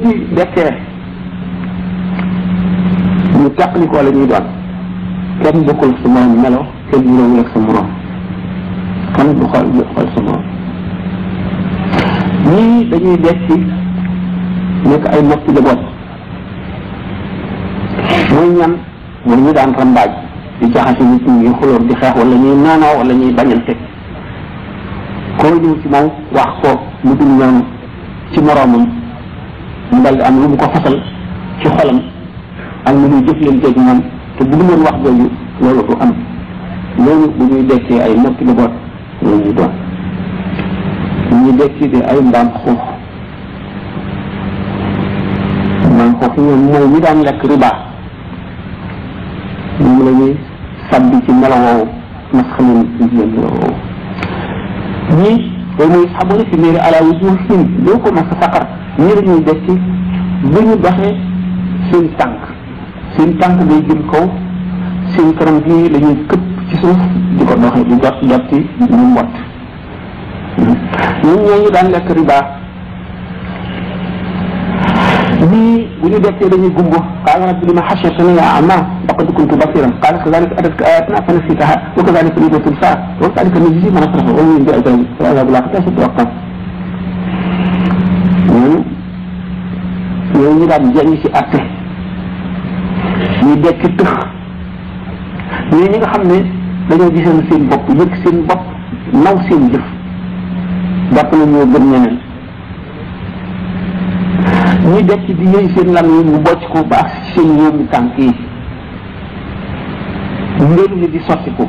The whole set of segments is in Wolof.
ci dekkee ñu tàqalikoo la ñuy doon kenn bokkul sa morom melo kenn niroowul ak sa morom kenn du xool dañuy dekki nekk ay noppi jaboot muy ñan mooy ñu daan rambaaj di jaxase nit ñi xulóor di xeex wala ñuy noonoo wala ñuy bañante koo ñëw ci moom wax ko lu dul ci moroomam dal di am lu mu ko fasal ci xolam ak lu muy jëflanteeg moom te bu ñu wax jooju loolu du am loolu bu ñuy dekkee ay noppi lu boot la ñuy doon bu ñuy dekki di ay mbaam xuux mbaam xuux ñoom mooy ñi daan lekk riba moom la ñuy sàbbi ci melawoowu masxalin jigéen melawoowu ñii loolu mooy sabona si mairie ala ko mas a saqar ñii la ñuy buñu ñu doxee seen tànk seen tànk day jëm kaw seen kanam gi la ñuy këpp ci suuf di ko doxee di jot jot ci ñu mbott ñun ñooñu daan lekk riba ni bu ñu dekkee dañuy gumb qaala rabbi lima xashartana ya amma laqad kuntu basiran qaala kadalika atatka ayatuna fa nasitaha wa kadhalika nuditu lsaa wa kadhalika nujzi man asrafa wa min al ajrin wa la bulaqata sa ñu daan jàng ci atté ñu dékk tëx ñi ñi nga xamné dañu gisoon seen bop yëg seen bop naw seen jëf dapp na ñoo gëm ñeneen ñi dékk di yëy seen lam yi mu bocc ko ba ak seen yóomu tànk yi mbéelu ñu di sotti ko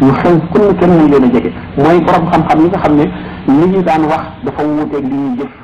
ñu xew kenn kenn muy leen a jege mooy borom xam-xam yi nga xam ne li ñu daan wax dafa wuuteeg li ñuy jëf